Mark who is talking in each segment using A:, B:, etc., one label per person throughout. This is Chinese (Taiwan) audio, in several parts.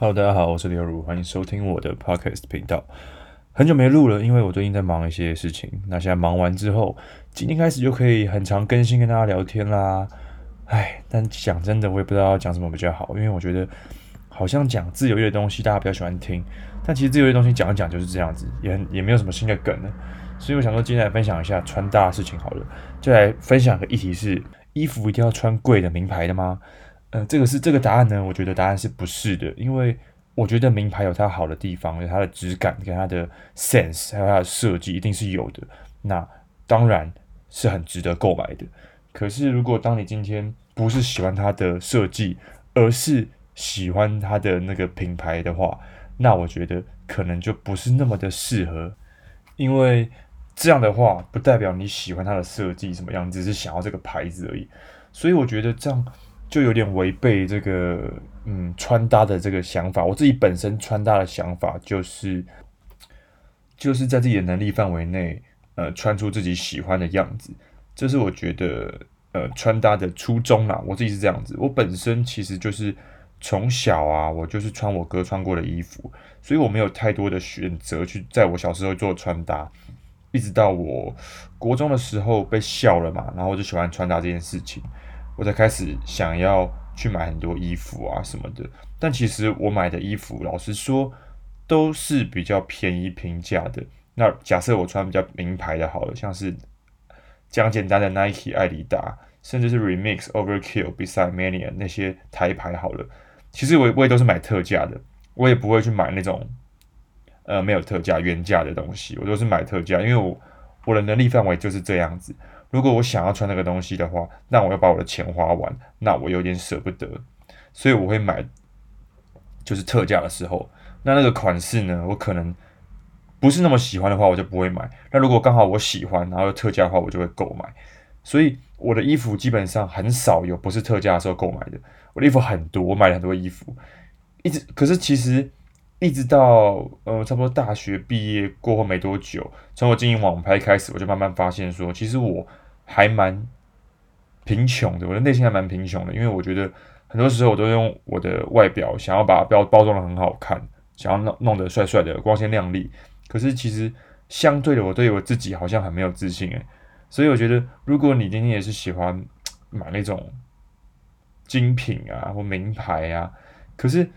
A: Hello，大家好，我是劉如。歡迎收聽我的 podcast 頻道。很久沒錄了，因為我最近在忙一些事情。那現在忙完之後，今天開始就可以很常更新，跟大家聊天啦。哎，但講真的，我也不知道要講什麼比較好，因為我覺得好像講自由業的東西，大家比較喜歡聽。但其實自由業東西講一講就是這樣子，也很也沒有什麼新的梗了。所以我想說，今天來分享一下穿搭的事情好了，就來分享個議題是：衣服一定要穿貴的、名牌的嗎？嗯，這個是這個答案呢？我覺得答案是不是的，因為我覺得名牌有它好的地方，有它的質感，跟它的 sense，還有它的設計，一定是有的。那當然是很值得購買的。可是，如果當你今天不是喜歡它的設計，而是喜歡它的那個品牌的話，那我覺得可能就不是那麼的適合，因為這樣的話不代表你喜歡它的設計什麼樣子，只是想要這個牌子而已。所以，我覺得這樣。就有點違背這個嗯穿搭的這個想法。我自己本身穿搭的想法就是，就是在自己的能力範圍內，呃，穿出自己喜歡的樣子，這是我覺得呃穿搭的初衷啦、啊。我自己是這樣子，我本身其實就是從小啊，我就是穿我哥穿過的衣服，所以我沒有太多的選擇去在我小時候做穿搭，一直到我國中的時候被笑了嘛，然後我就喜歡穿搭這件事情。我才開始想要去買很多衣服啊什麼的，但其實我買的衣服，老實說，都是比較便宜平價的。那假設我穿比較名牌的，好了，像是這樣簡單的 Nike、愛迪達，甚至是 Remix、Overkill、Beside Mania 那些台牌，好了，其實我也我也都是買特價的，我也不會去買那種，呃，沒有特價原價的東西，我都是買特價，因為我。我的能力範圍就是這樣子。如果我想要穿那個東西的話，那我要把我的錢花完，那我有點捨不得，所以我會買。就是特價的時候，那那個款式呢，我可能不是那麼喜歡的話，我就不會買。那如果剛好我喜歡，然後又特價的話，我就會購買。所以我的衣服基本上很少有不是特價的時候購買的。我的衣服很多，我買了很多衣服，一直。可是其實。一直到呃，差不多大學畢業過後沒多久，從我經營網拍開始，我就慢慢發現說，其實我還蠻貧窮的，我的內心還蠻貧窮的，因為我覺得很多時候我都用我的外表想要把包包裝得很好看，想要弄弄得帥帥的、光鮮亮麗，可是其實相對的，我對我自己好像很沒有自信欸，所以我覺得，如果你今天也是喜歡買那種精品啊或名牌啊，可是。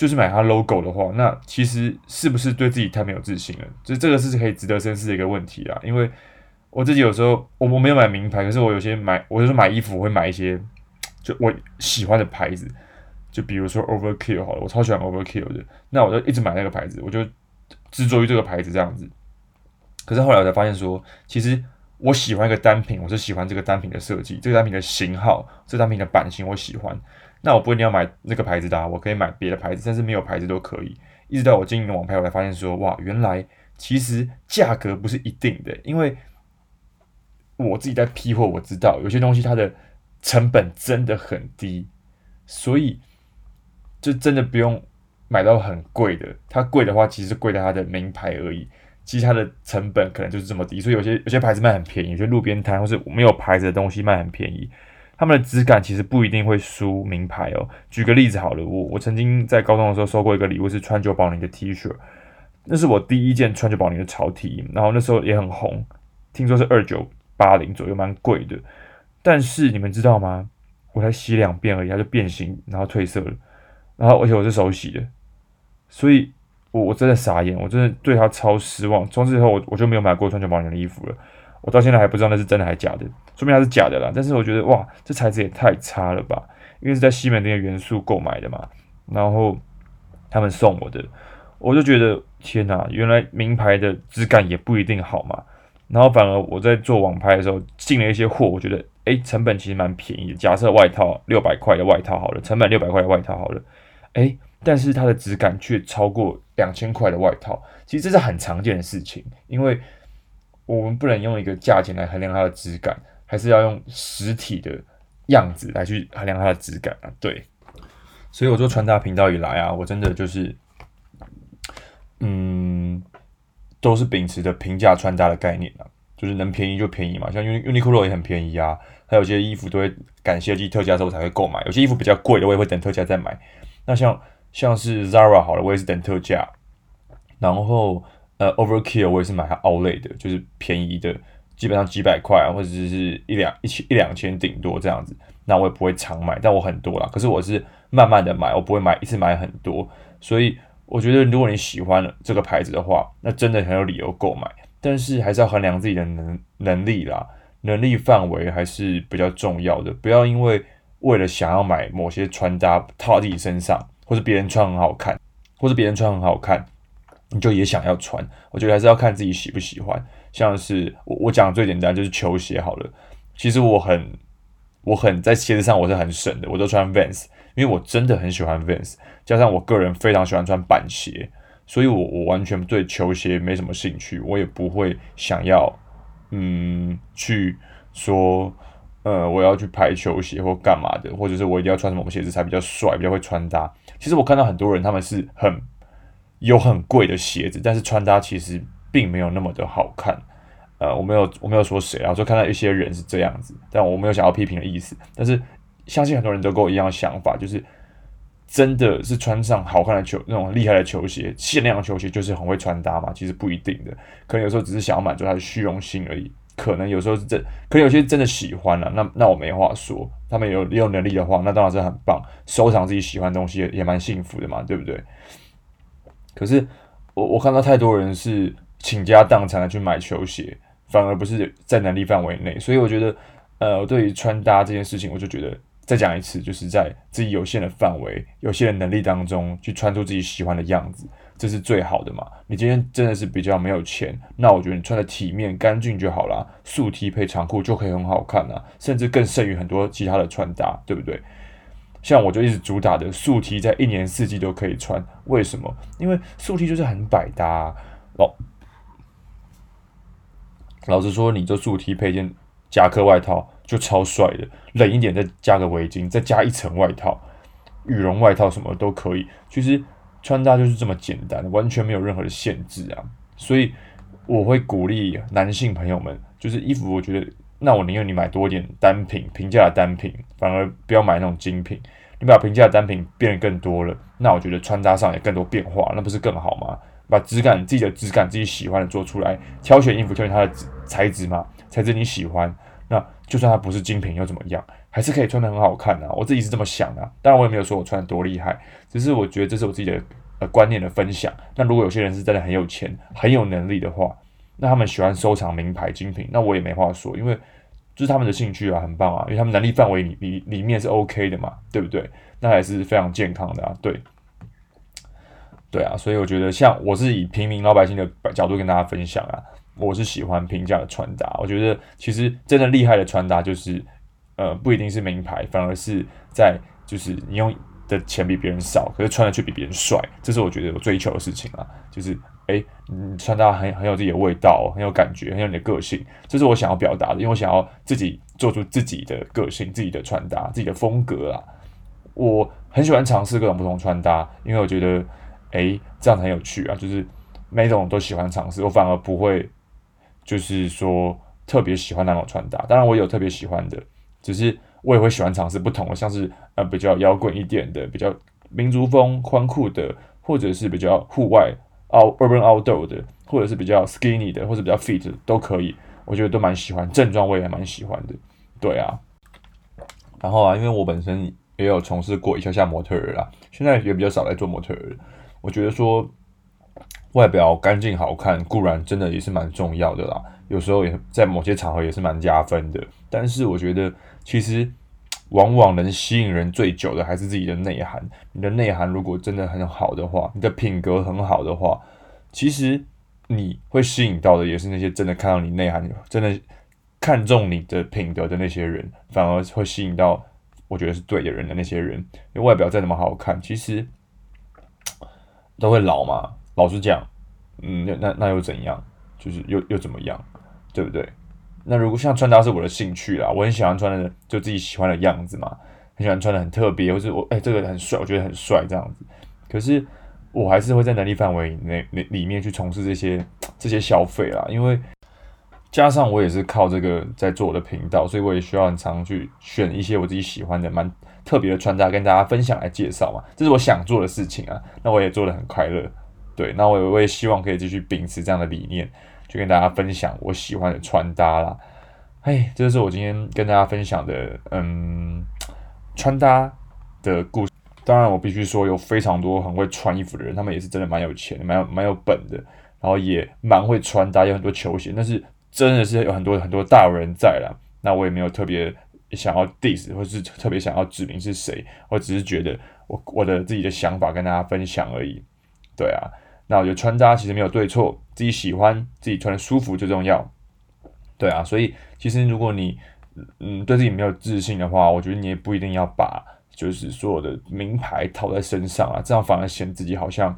A: 就是買它 logo 的話，那其實是不是對自己太沒有自信了？就這個是可以值得深思的一個問題啊。因為我自己有時候，我我沒有買名牌，可是我有些買，我就是買衣服，我會買一些就我喜歡的牌子，就比如說 Overkill 好了，我超喜歡 Overkill 的，那我就一直買那個牌子，我就執着於這個牌子這樣子。可是後來我才發現說，其實我喜歡一個單品，我是喜歡這個單品的設計，這個單品的型號，這個單品的版型，我喜歡。那我不會一定要買那個牌子的啊，我可以買別的牌子，但是沒有牌子都可以。一直到我經營網拍，我才發現說，哇，原來其實價格不是一定的，因為我自己在批貨，我知道有些東西它的成本真的很低，所以就真的不用買到很貴的。它貴的話，其實是貴在它的名牌而已，其實它的成本可能就是這麼低。所以有些有些牌子賣很便宜，有些路邊攤或是沒有牌子的東西賣很便宜。他們的質感其實不一定會輸名牌哦。舉個例子好了，我我曾經在高中的時候收過一個禮物，是川久保玲的 T 恤，那是我第一件川久保玲的潮 T，然後那時候也很紅，聽說是二九八零左右，蠻貴的。但是你們知道嗎？我才洗兩遍而已，它就變形，然後褪色了，然後而且我是手洗的，所以我我真的傻眼，我真的對它超失望。從此以後，我我就沒有買過川久保玲的衣服了。我到現在還不知道那是真的還是假的，說明它是假的啦。但是我覺得哇，這材質也太差了吧！因為是在西門町的元素購買的嘛，然後他們送我的，我就覺得天哪、啊，原來名牌的質感也不一定好嘛。然後反而我在做網拍的時候進了一些貨，我覺得哎、欸，成本其實蠻便宜的。假設外套六百塊的外套好了，成本六百塊的外套好了，哎、欸，但是它的質感卻超過兩千塊的外套。其實這是很常見的事情，因為。我們不能用一個價錢來衡量它的質感，還是要用實體的樣子來去衡量它的質感啊。對，所以我做穿搭頻道以來啊，我真的就是，嗯，都是秉持着平價穿搭的概念啊，就是能便宜就便宜嘛。像 UNI, Uniqlo 也很便宜啊，還有些衣服都會感謝季特價之後才會購買，有些衣服比較貴的我也會等特價再買。那像像是 Zara 好了，我也是等特價，然後，呃、uh,，Overkill 我也是買它奧萊的，就是便宜的，基本上幾百塊啊，或者是一兩一,一千一兩千頂多這樣子。那我也不會常買，但我很多了。可是我是慢慢的買，我不會買一次買很多。所以我覺得，如果你喜歡這個牌子的話，那真的很有理由購買。但是還是要衡量自己的能能力啦，能力範圍還是比較重要的。不要因為為了想要買某些穿搭套在自己身上，或者別人穿很好看，或者別人穿很好看。你就也想要穿？我覺得還是要看自己喜不喜歡。像是我，我講的最簡單就是球鞋好了。其實我很，我很在鞋子上我是很省的，我都穿 Vans，因為我真的很喜歡 Vans，加上我個人非常喜歡穿板鞋，所以我我完全對球鞋沒什麼興趣，我也不會想要嗯去說呃我要去排球鞋或幹嘛的，或者是我一定要穿什麼鞋子才比較帥、比較會穿搭。其實我看到很多人他們是很。有很貴的鞋子，但是穿搭其實並沒有那麼的好看。呃，我沒有我沒有說誰啊，我就看到一些人是這樣子，但我沒有想要批評的意思。但是相信很多人都跟我一樣想法，就是真的是穿上好看的球那種厲害的球鞋，限量球鞋就是很會穿搭嘛？其實不一定的，可能有時候只是想要滿足他的虛榮心而已。可能有時候是真，可能有些真的喜歡了啊，那那我沒話說。他們有有能力的話，那當然是很棒，收藏自己喜歡的東西也蠻幸福的嘛，對不對？可是，我我看到太多人是傾家蕩產的去買球鞋，反而不是在能力範圍內。所以我覺得，呃，對於穿搭這件事情，我就覺得再講一次，就是在自己有限的範圍、有限的能力當中，去穿出自己喜歡的樣子，這是最好的嘛。你今天真的是比較沒有錢，那我覺得你穿的體面、乾淨就好啦，素 T 配長褲就可以很好看啦，啊，甚至更勝於很多其他的穿搭，對不對？像我就一直主打的素 T，在一年四季都可以穿。為什麼？因為素 T 就是很百搭哦、啊。老實說，你這素 T 配件夾克外套就超帥的。冷一點，再加個圍巾，再加一層外套，羽絨外套什麼都可以。其實、就是、穿搭就是這麼簡單，完全沒有任何的限制啊。所以我會鼓勵男性朋友們，就是衣服，我覺得。那我寧願你買多一點單品，平價的單品，反而不要買那種精品。你把平價的單品變得更多了，那我覺得穿搭上也更多變化，那不是更好嗎？把質感自己的質感，自己喜歡的做出來，挑選衣服，挑選它的材質嘛，材質你喜歡，那就算它不是精品又怎麼樣？還是可以穿得很好看的、啊。我自己是這麼想的、啊，當然我也沒有說我穿得多厲害，只是我覺得這是我自己的呃觀念的分享。那如果有些人是真的很有錢，很有能力的話。那他們喜歡收藏名牌精品，那我也沒話說，因為就是他們的興趣啊，很棒啊，因為他們能力範圍裡裡裡面是 OK 的嘛，對不對？那還是非常健康的啊，對，對啊，所以我覺得，像我是以平民老百姓的角度跟大家分享啊，我是喜歡平價的穿搭，我覺得其實真的厲害的穿搭就是，呃，不一定是名牌，反而是在就是你用的錢比別人少，可是穿的卻比別人帥，這是我覺得我追求的事情啊，就是。誒，你穿搭很很有自己的味道，很有感覺，很有你的個性，這是我想要表達的。因為我想要自己做出自己的個性、自己的穿搭、自己的風格啊。我很喜歡嘗試各種不同穿搭，因為我覺得誒這樣很有趣啊。就是每一種都喜歡嘗試，我反而不會就是說特別喜歡那種穿搭。當然，我有特別喜歡的，只是我也會喜歡嘗試不同的，像是呃比較搖滾一點的，比較民族風、寬褲的，或者是比較戶外，奧 urban outdoor 的，或者是比較 skinny 的，或者比較 fit 的都可以，我覺得都蠻喜歡。正裝我也蠻喜歡的，對啊。然後啊，因為我本身也有從事過一下下模特兒啦，現在也比較少來做模特兒。我覺得說外表乾淨好看固然真的也是蠻重要的啦，有時候也在某些場合也是蠻加分的。但是我覺得其實。往往能吸引人最久的還是自己的內涵。你的內涵如果真的很好的話，你的品格很好的話，其實你會吸引到的也是那些真的看到你內涵、真的看中你的品德的那些人，反而會吸引到我覺得是對的人的那些人。因為外表再怎麼好看，其實都會老嘛。老實講，嗯，那那那又怎樣？就是又又怎麼樣？對不對？那如果像穿搭是我的興趣啦，我很喜歡穿的就自己喜歡的樣子嘛，很喜歡穿的很特別，或是我誒、欸，這個很帥，我覺得很帥這樣子。可是我還是會在能力範圍內、裡面去從事這些這些消費啦，因為加上我也是靠這個在做我的頻道，所以我也需要很常去選一些我自己喜歡的蠻特別的穿搭跟大家分享來介紹嘛，這是我想做的事情啊。那我也做得很快樂，對，那我也我也希望可以繼續秉持這樣的理念。就跟大家分享我喜歡的穿搭啦。嘿，這就是我今天跟大家分享的，嗯，穿搭的故事。當然，我必須說，有非常多很會穿衣服的人，他們也是真的蠻有錢、蠻有蠻有本的，然後也蠻會穿搭，有很多球鞋。但是，真的是有很多很多大有人在啦。那我也沒有特別想要 diss，或是特別想要指名是誰，我只是覺得我我的自己的想法跟大家分享而已。對啊。那我覺得穿搭其實沒有對錯，自己喜歡自己穿的舒服最重要。對啊，所以其實如果你嗯對自己沒有自信的話，我覺得你也不一定要把就是所有的名牌套在身上啊，這樣反而顯得自己好像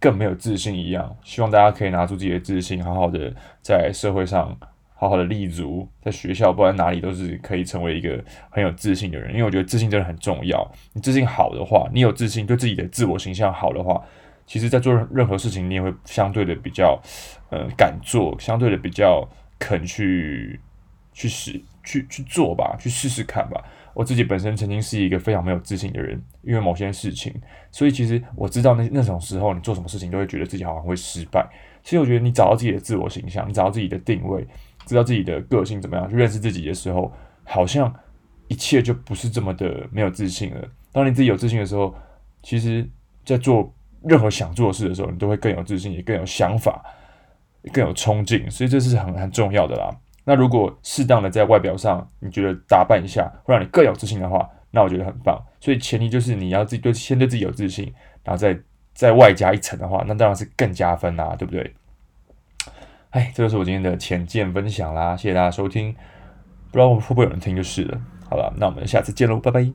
A: 更沒有自信一樣。希望大家可以拿出自己的自信，好好的在社會上好好的立足，在學校不管哪裡都是可以成為一個很有自信的人。因為我覺得自信真的很重要，你自信好的話，你有自信，對自己的自我形象好的話。其實，在做任何事情，你也會相對的比較，呃，敢做，相對的比較肯去去試去去做吧，去試試看吧。我自己本身曾經是一個非常沒有自信的人，因為某些事情，所以其實我知道那那種時候，你做什麼事情都會覺得自己好像會失敗。其實，我覺得你找到自己的自我形象，你找到自己的定位，知道自己的個性怎麼樣，去認識自己的時候，好像一切就不是這麼的沒有自信了。當你自己有自信的時候，其實在做。任何想做事的時候，你都會更有自信，也更有想法，更有衝勁，所以這是很很重要的啦。那如果適當的在外表上，你覺得打扮一下會讓你更有自信的話，那我覺得很棒。所以前提就是你要自己對，先對自己有自信，然後再再外加一層的話，那當然是更加分啦，對不對？哎，這就是我今天的淺見分享啦，謝謝大家收聽，不知道會不會有人聽就是了。好了，那我們下次見嘍，拜拜。